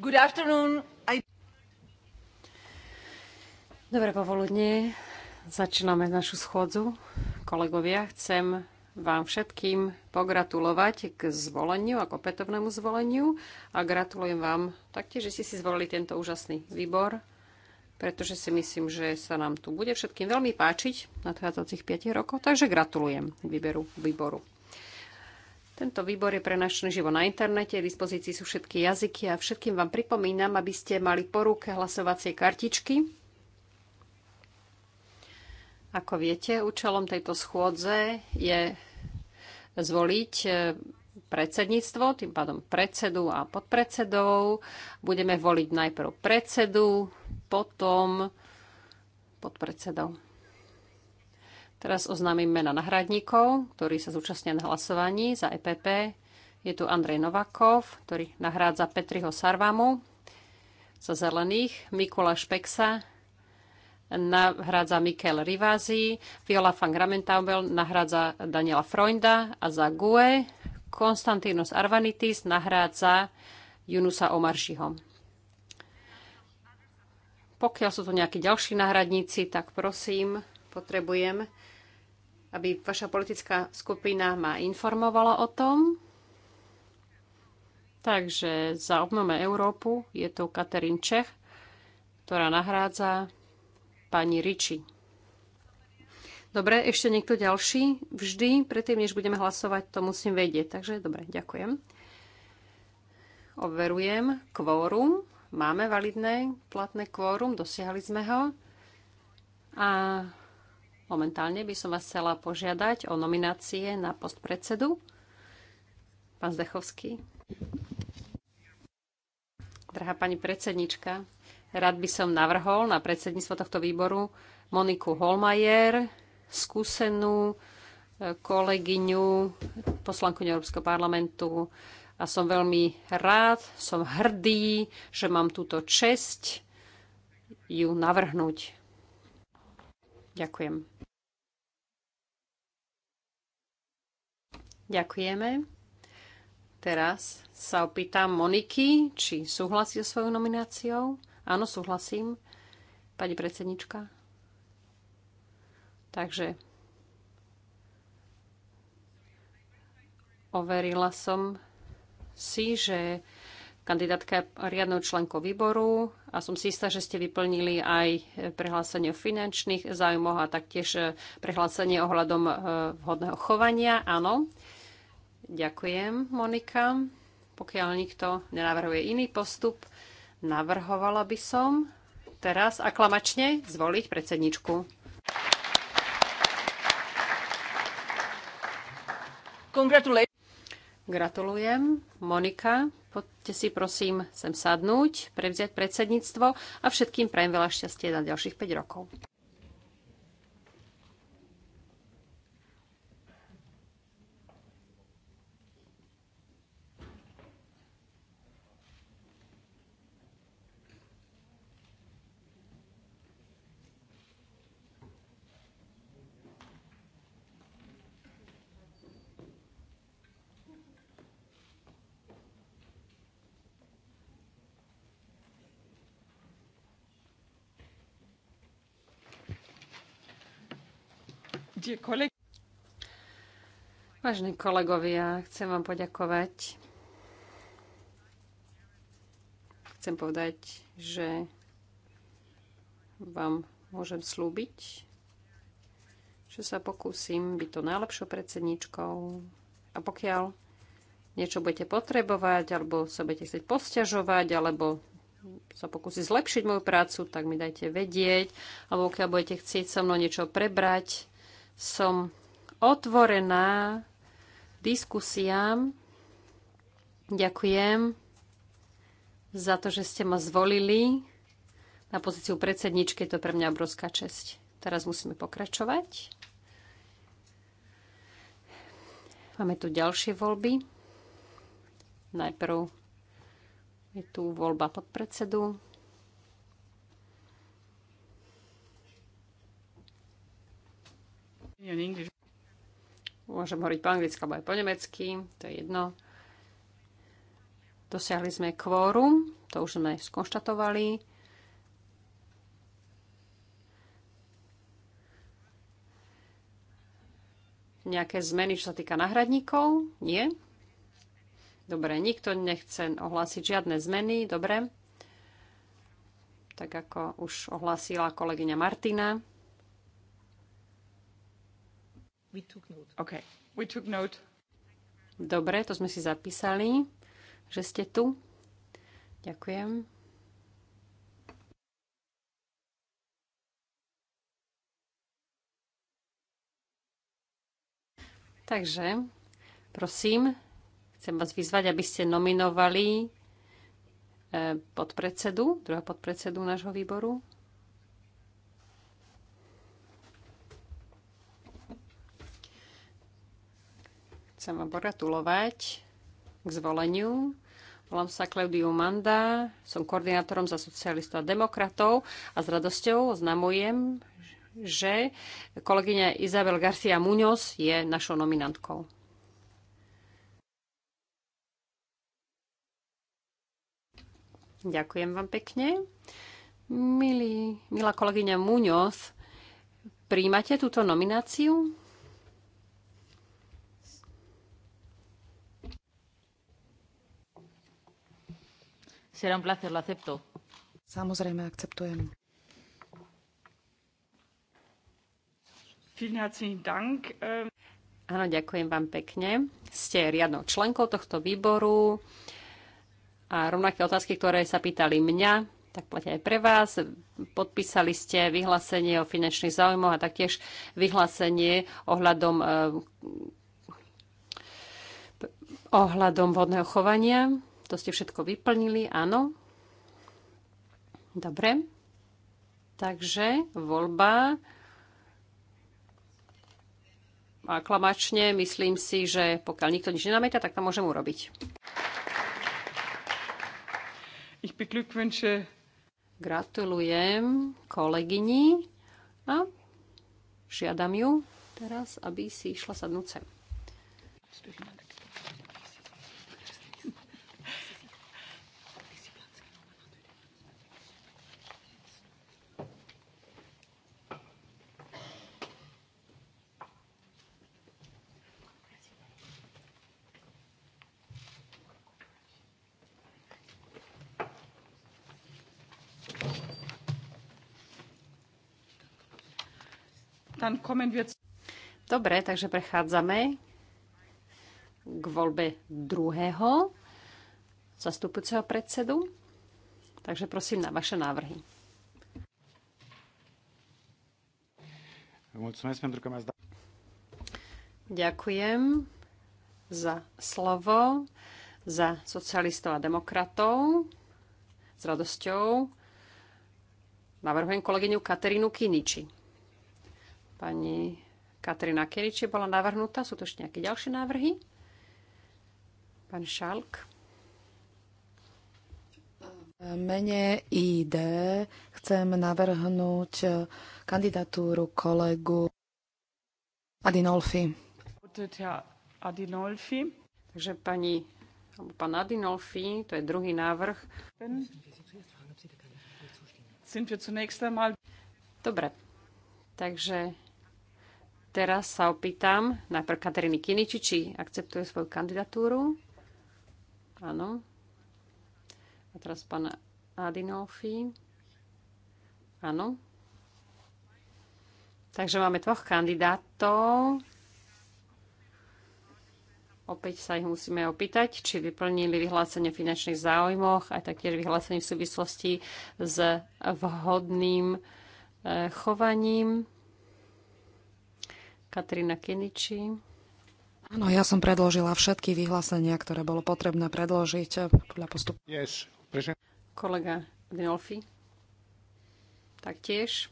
Good afternoon. I... Dobre povoludne. Začíname našu schôdzu. Kolegovia, chcem vám všetkým pogratulovať k zvoleniu, ako petovnému zvoleniu a gratulujem vám taktiež, že ste si zvolili tento úžasný výbor, pretože si myslím, že sa nám tu bude všetkým veľmi páčiť na 25 5 rokov, takže gratulujem k výberu výboru. Tento výbor je pre prenašený živo na internete, v dispozícii sú všetky jazyky a všetkým vám pripomínam, aby ste mali po ruke hlasovacie kartičky. Ako viete, účelom tejto schôdze je zvoliť e, predsedníctvo, tým pádom predsedu a podpredsedov. Budeme voliť najprv predsedu, potom podpredsedov. Teraz oznámim mena nahradníkov, ktorí sa zúčastnia na hlasovaní za EPP. Je tu Andrej Novakov, ktorý nahrádza Petriho Sarvamu za zelených, Mikula Špeksa, nahrádza Mikel Rivázi, Viola van Gramentaubel nahrádza Daniela Freunda a za GUE Konstantinos Arvanitis nahrádza Junusa Omaršiho. Pokiaľ sú tu nejakí ďalší náhradníci, tak prosím, potrebujem aby vaša politická skupina ma informovala o tom. Takže za obnome Európu je tu Katerin Čech, ktorá nahrádza pani Riči. Dobre, ešte niekto ďalší? Vždy, predtým, než budeme hlasovať, to musím vedieť. Takže dobre, ďakujem. Overujem kvórum. Máme validné platné kvórum, dosiahli sme ho. A Momentálne by som vás chcela požiadať o nominácie na post predsedu. Pán Zdechovský. Drahá pani predsednička, rád by som navrhol na predsedníctvo tohto výboru Moniku Holmajer, skúsenú e, kolegyňu, poslanku Európskeho parlamentu a som veľmi rád, som hrdý, že mám túto česť ju navrhnúť. Ďakujem. Ďakujeme. Teraz sa opýtam Moniky, či súhlasí so svojou nomináciou. Áno, súhlasím, pani predsednička. Takže overila som si, že kandidátka riadnou členkou výboru a som si istá, že ste vyplnili aj prehlásenie o finančných záujmoch a taktiež prehlásenie ohľadom eh, vhodného chovania. Áno. Ďakujem, Monika. Pokiaľ nikto nenavrhuje iný postup, navrhovala by som teraz aklamačne zvoliť predsedničku. Gratulujem. Monika, poďte si prosím sem sadnúť, prevziať predsedníctvo a všetkým prajem veľa šťastie na ďalších 5 rokov. Vážení kolegovia, chcem vám poďakovať. Chcem povedať, že vám môžem slúbiť, že sa pokúsim byť to najlepšou predsedničkou a pokiaľ niečo budete potrebovať, alebo sa budete chcieť posťažovať, alebo sa pokúsiť zlepšiť moju prácu, tak mi dajte vedieť. Alebo pokiaľ budete chcieť so mnou niečo prebrať, som otvorená diskusiám. Ďakujem za to, že ste ma zvolili na pozíciu predsedničky. Je to pre mňa obrovská česť. Teraz musíme pokračovať. Máme tu ďalšie voľby. Najprv je tu voľba podpredsedu Môžem hovoriť po anglicky alebo aj po nemecky, to je jedno. Dosiahli sme kvórum, to už sme skonštatovali. Nejaké zmeny, čo sa týka náhradníkov? Nie? Dobre, nikto nechce ohlásiť žiadne zmeny, dobre. Tak ako už ohlásila kolegyňa Martina. We took note. We took note. Dobre, to sme si zapísali, že ste tu. Ďakujem. Takže, prosím, chcem vás vyzvať, aby ste nominovali eh, podpredsedu, druhého podpredsedu nášho výboru. Chcem vám pogratulovať k zvoleniu. Volám sa Claudiu Manda, som koordinátorom za socialistov a demokratov a s radosťou oznamujem, že kolegyňa Izabel Garcia Muñoz je našou nominantkou. Ďakujem vám pekne. Milí, milá kolegyňa Muñoz, príjmate túto nomináciu? Será un placer, lo acepto. Samozrejme, akceptujem. Ähm. Áno, ďakujem vám pekne. Ste riadnou členkou tohto výboru a rovnaké otázky, ktoré sa pýtali mňa, tak platia aj pre vás. Podpísali ste vyhlásenie o finančných záujmoch a taktiež vyhlásenie ohľadom, eh, ohľadom vodného chovania. To ste všetko vyplnili, áno. Dobre. Takže voľba. Aklamačne myslím si, že pokiaľ nikto nič nenamieta, tak to môžem urobiť. Ich beglückwünsche Gratulujem kolegyni a žiadam ju teraz, aby si išla sadnúť sem. Dobre, takže prechádzame k voľbe druhého zastupujúceho predsedu. Takže prosím na vaše návrhy. Ďakujem za slovo, za socialistov a demokratov. S radosťou navrhujem kolegyňu Katerínu Kiniči. Pani Katrina Keriči bola navrhnutá. Sú tu ešte nejaké ďalšie návrhy? Pán Šalk. Mene ID chcem navrhnúť kandidatúru kolegu Adinolfi. Adinolfi. Takže pani, alebo pán Adinolfi, to je druhý návrh. Dobre, takže teraz sa opýtam najprv Kateriny Kiniči, či akceptuje svoju kandidatúru. Áno. A teraz pána Adinolfi. Áno. Takže máme dvoch kandidátov. Opäť sa ich musíme opýtať, či vyplnili vyhlásenie v finančných záujmoch, a taktiež vyhlásenie v súvislosti s vhodným eh, chovaním. Katrina Kiniči. Áno, ja som predložila všetky vyhlásenia, ktoré bolo potrebné predložiť podľa postupu. Yes, present. Kolega Dinolfi. Taktiež.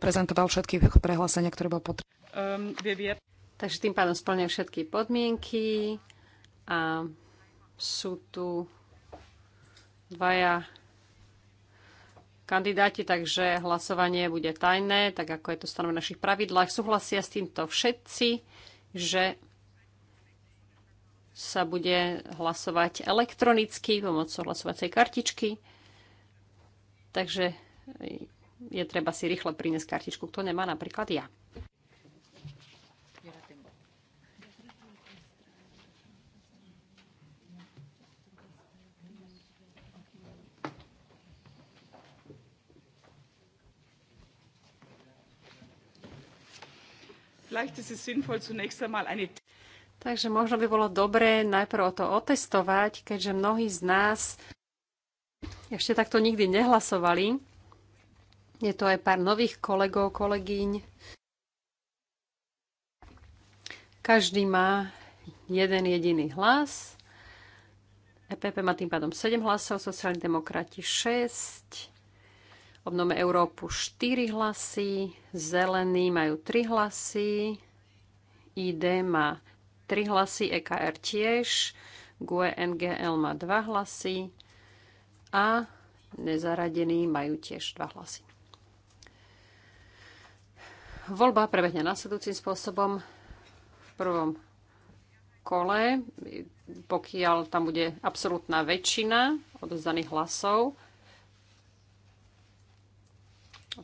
Prezentoval všetky prehlásenia, ktoré bolo potrebné. Um, Takže tým pádom splňa všetky podmienky a sú tu dvaja kandidáti, takže hlasovanie bude tajné, tak ako je to stanovené v našich pravidlách. Súhlasia s týmto všetci, že sa bude hlasovať elektronicky pomocou hlasovacej kartičky. Takže je treba si rýchle priniesť kartičku, kto nemá napríklad ja. vielleicht ist es sinnvoll, zunächst einmal eine Takže možno by bolo dobré najprv to otestovať, keďže mnohí z nás ešte takto nikdy nehlasovali. Je to aj pár nových kolegov, kolegyň. Každý má jeden jediný hlas. EPP má tým pádom 7 hlasov, sociálni demokrati 6, Obnome Európu 4 hlasy, zelení majú 3 hlasy, ID má 3 hlasy, EKR tiež, GUE NGL má 2 hlasy a nezaradení majú tiež 2 hlasy. Voľba prebehne nasledujúcim spôsobom. V prvom kole, pokiaľ tam bude absolútna väčšina odozdaných hlasov,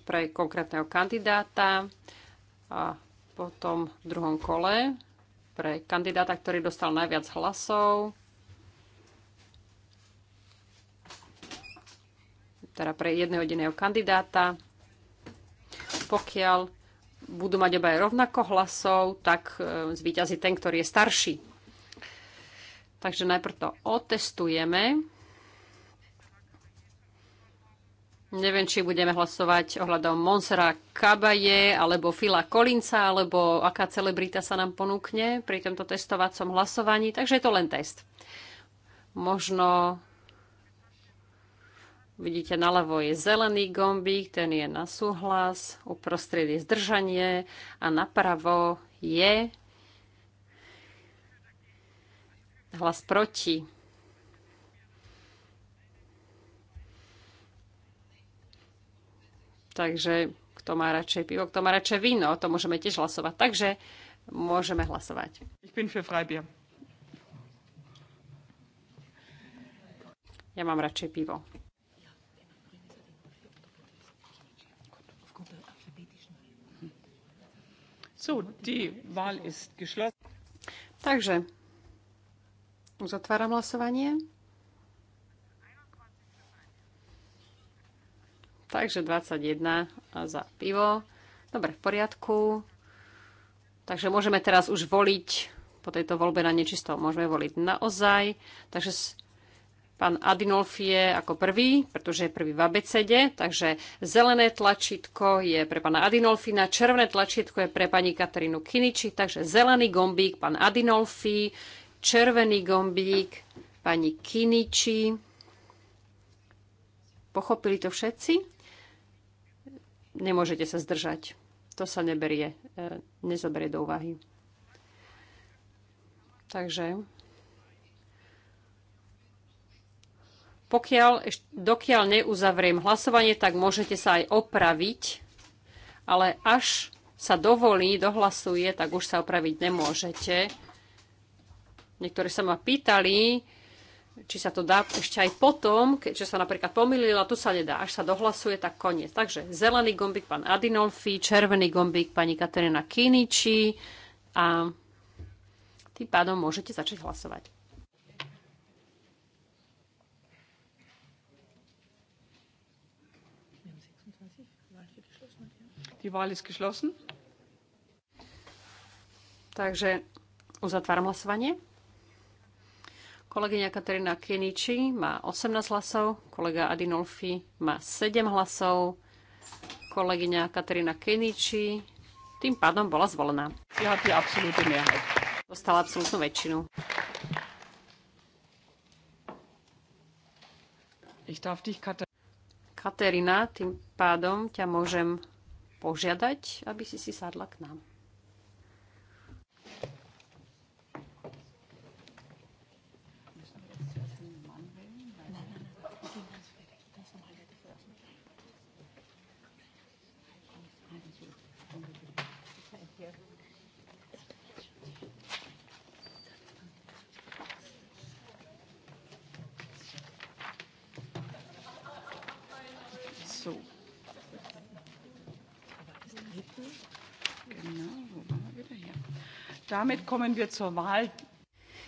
pre konkrétneho kandidáta a potom v druhom kole pre kandidáta, ktorý dostal najviac hlasov, teda pre jedného jediného kandidáta. Pokiaľ budú mať obaj rovnako hlasov, tak e, zvýťazí ten, ktorý je starší. Takže najprv to otestujeme. Neviem, či budeme hlasovať ohľadom Monsera Kabaje, alebo Fila Kolinca, alebo aká celebrita sa nám ponúkne pri tomto testovacom hlasovaní. Takže je to len test. Možno vidíte naľavo je zelený gombík, ten je na súhlas, uprostred je zdržanie a napravo je hlas proti. Takže kto má radšej pivo, kto má radšej víno, to môžeme tiež hlasovať. Takže môžeme hlasovať. Ich bin für Freibier. Ja mám radšej pivo. So, die Wahl ist geschlossen. Takže uzatváram hlasovanie. Takže 21 za pivo. Dobre, v poriadku. Takže môžeme teraz už voliť po tejto voľbe na nečisto. Môžeme voliť naozaj. Takže pán Adinolf je ako prvý, pretože je prvý v abecede. Takže zelené tlačítko je pre pána Adinolfina, červené tlačítko je pre pani Katarínu Kiniči. Takže zelený gombík pán Adinolfi, červený gombík pani Kiniči. Pochopili to všetci? nemôžete sa zdržať. To sa neberie, e, nezoberie do úvahy. Takže pokiaľ, dokiaľ neuzavriem hlasovanie, tak môžete sa aj opraviť, ale až sa dovolí, dohlasuje, tak už sa opraviť nemôžete. Niektorí sa ma pýtali, či sa to dá ešte aj potom, keďže sa napríklad pomýlila, tu sa nedá, až sa dohlasuje, tak koniec. Takže zelený gombík pán Adinolfi, červený gombík pani Katerina Kiniči a tým pádom môžete začať hlasovať. Die Wahl ist geschlossen. Takže uzatváram hlasovanie. Kolegyňa Katarína Kieniči má 18 hlasov, kolega Adinolfi má 7 hlasov, kolegyňa Katarína Kieniči tým pádom bola zvolená. Dostala absolútnu väčšinu. Ich darf dich, Katerina, tým pádom ťa môžem požiadať, aby si si sadla k nám.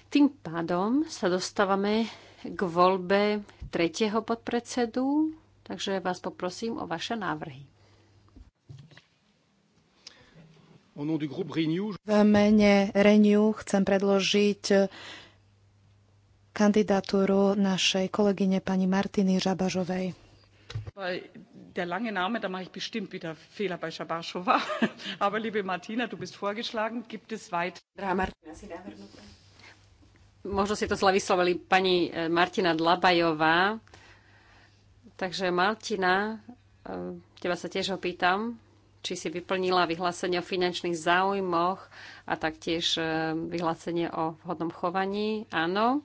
Tým pádom sa dostávame k voľbe tretieho podpredsedu, takže vás poprosím o vaše návrhy. V mene Renew chcem predložiť kandidatúru našej kolegyne pani Martiny Žabažovej der lange Name, da mache ich bestimmt wieder Fehler bei Schabarschowa. Aber liebe Martina, du bist vorgeschlagen. Gibt es weiter? Možno si to zle vyslovili pani eh, Martina Dlabajová. Takže Martina, eh, teba sa tiež opýtam, či si vyplnila vyhlásenie o finančných záujmoch a taktiež eh, vyhlásenie o vhodnom chovaní. Áno.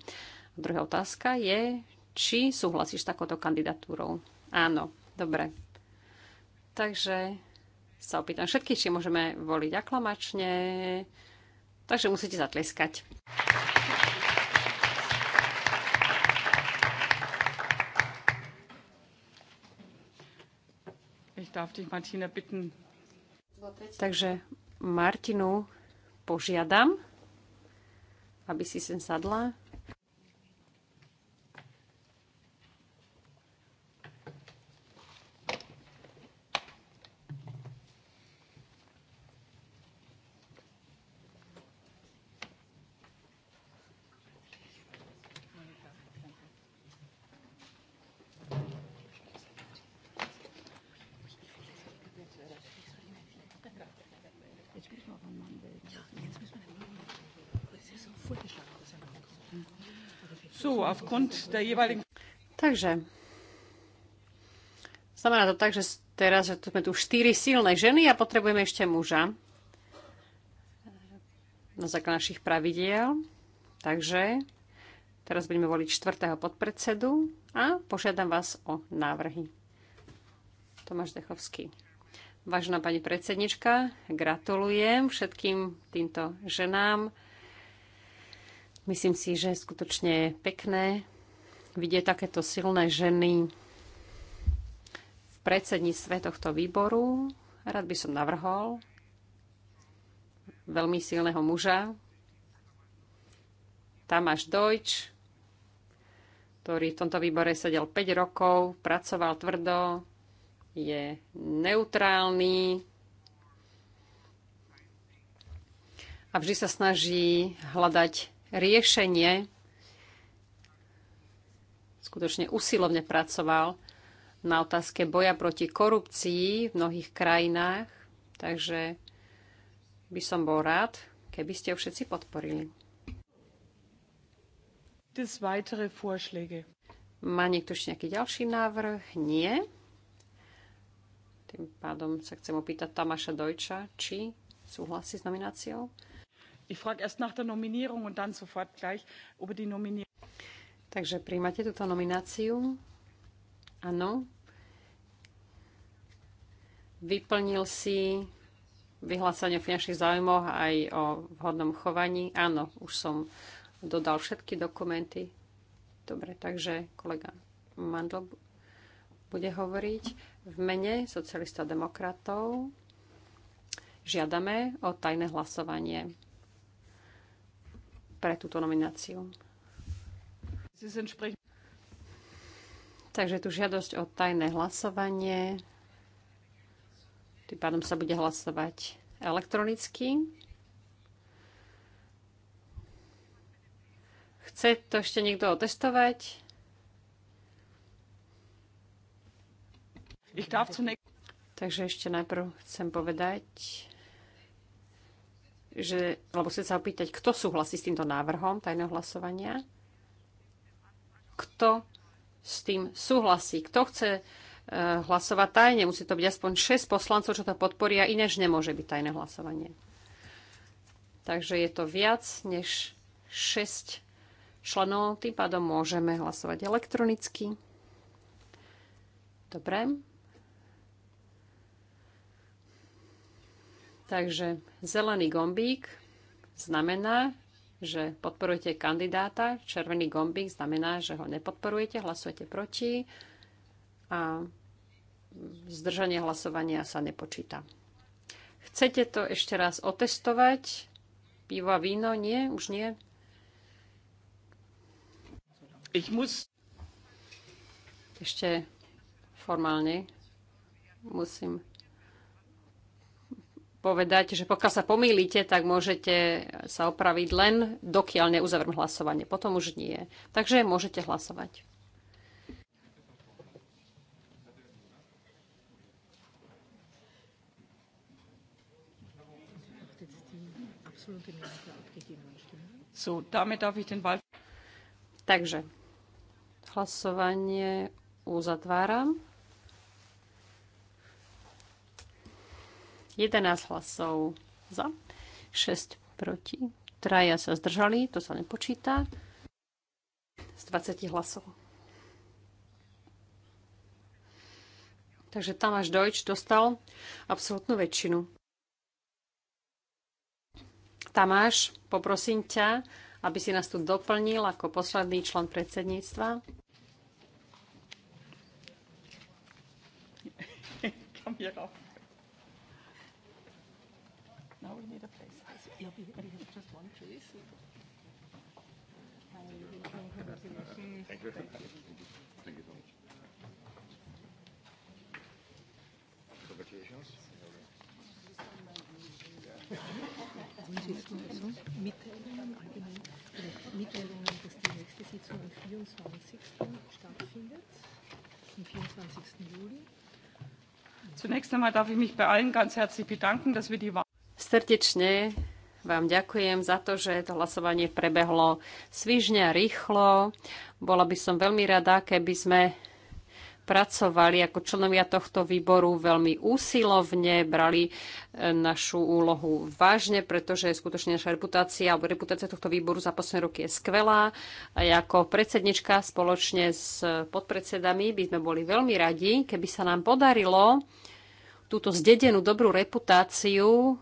Druhá otázka je, či súhlasíš s takouto kandidatúrou. Áno. Dobre. Takže sa opýtam všetkých, či môžeme voliť aklamačne. Takže musíte zatleskať. Takže Martinu požiadam, aby si sem sadla. Mann Ja, jetzt müssen wir Mann Takže, znamená to tak, že teraz že tu sme tu štyri silné ženy a potrebujeme ešte muža na základ našich pravidiel. Takže teraz budeme voliť čtvrtého podpredsedu a požiadam vás o návrhy. Tomáš Dechovský. Vážená pani predsednička, gratulujem všetkým týmto ženám. Myslím si, že je skutočne pekné vidieť takéto silné ženy v predsedníctve tohto výboru. Rád by som navrhol veľmi silného muža. Tamáš Dojč, ktorý v tomto výbore sedel 5 rokov, pracoval tvrdo, je neutrálny a vždy sa snaží hľadať riešenie. Skutočne usilovne pracoval na otázke boja proti korupcii v mnohých krajinách, takže by som bol rád, keby ste ho všetci podporili. Má niekto ešte nejaký ďalší návrh? Nie. Tým pádom sa chcem opýtať Tamáša Dojča, či súhlasí s nomináciou. Ich frage erst nach der Nominierung und dann sofort gleich über die Nominierung. Takže príjmate túto nomináciu? Áno. Vyplnil si vyhlásenie o finančných záujmoch aj o vhodnom chovaní. Áno, už som dodal všetky dokumenty. Dobre, takže kolega Mandl bude hovoriť v mene socialistov a demokratov. Žiadame o tajné hlasovanie pre túto nomináciu. Takže tu žiadosť o tajné hlasovanie. Tým pádom sa bude hlasovať elektronicky. Chce to ešte niekto otestovať? Takže ešte najprv chcem povedať, že, lebo chcem sa opýtať, kto súhlasí s týmto návrhom tajného hlasovania? Kto s tým súhlasí? Kto chce eh, hlasovať tajne? Musí to byť aspoň 6 poslancov, čo to podporia, inéž nemôže byť tajné hlasovanie. Takže je to viac než 6 členov, tým pádom môžeme hlasovať elektronicky. Dobre. Takže zelený gombík znamená, že podporujete kandidáta, červený gombík znamená, že ho nepodporujete, hlasujete proti a zdržanie hlasovania sa nepočíta. Chcete to ešte raz otestovať? Pivo a víno? Nie? Už nie? Ich muss... Ešte formálne musím povedať, že pokiaľ sa pomýlite, tak môžete sa opraviť len, dokiaľ neuzavrem hlasovanie. Potom už nie. Takže môžete hlasovať. Takže hlasovanie uzatváram. 11 hlasov za, 6 proti. Traja sa zdržali, to sa nepočíta. Z 20 hlasov. Takže Tamáš Dojč dostal absolútnu väčšinu. Tamáš, poprosím ťa, aby si nás tu doplnil ako posledný člen predsedníctva. Kam je Now we need a place. Yeah, we, have just one place. Thank you. Thank you so much. Congratulations. Zunächst einmal darf ich mich bei allen ganz herzlich bedanken, dass wir die Wahl Srdečne vám ďakujem za to, že to hlasovanie prebehlo svižne a rýchlo. Bola by som veľmi rada, keby sme pracovali ako členovia tohto výboru veľmi úsilovne, brali e, našu úlohu vážne, pretože skutočne naša reputácia alebo reputácia tohto výboru za posledné roky je skvelá. A ako predsednička spoločne s podpredsedami by sme boli veľmi radi, keby sa nám podarilo túto zdedenú dobrú reputáciu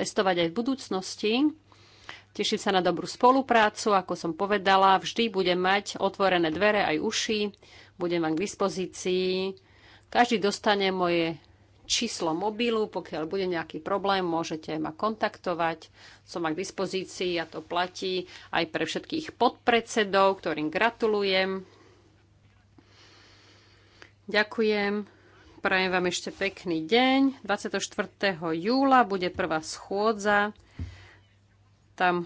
pestovať aj v budúcnosti. Teším sa na dobrú spoluprácu. Ako som povedala, vždy budem mať otvorené dvere aj uši. Budem vám k dispozícii. Každý dostane moje číslo mobilu. Pokiaľ bude nejaký problém, môžete ma kontaktovať. Som k dispozícii a to platí aj pre všetkých podpredsedov, ktorým gratulujem. Ďakujem. Prajem vám ešte pekný deň. 24. júla bude prvá schôdza. Tam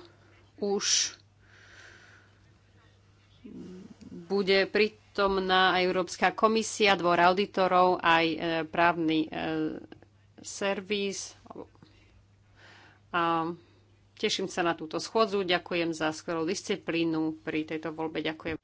už bude prítomná aj Európska komisia, dvor auditorov, aj e, právny e, servis. A teším sa na túto schôdzu. Ďakujem za skvelú disciplínu pri tejto voľbe. Ďakujem.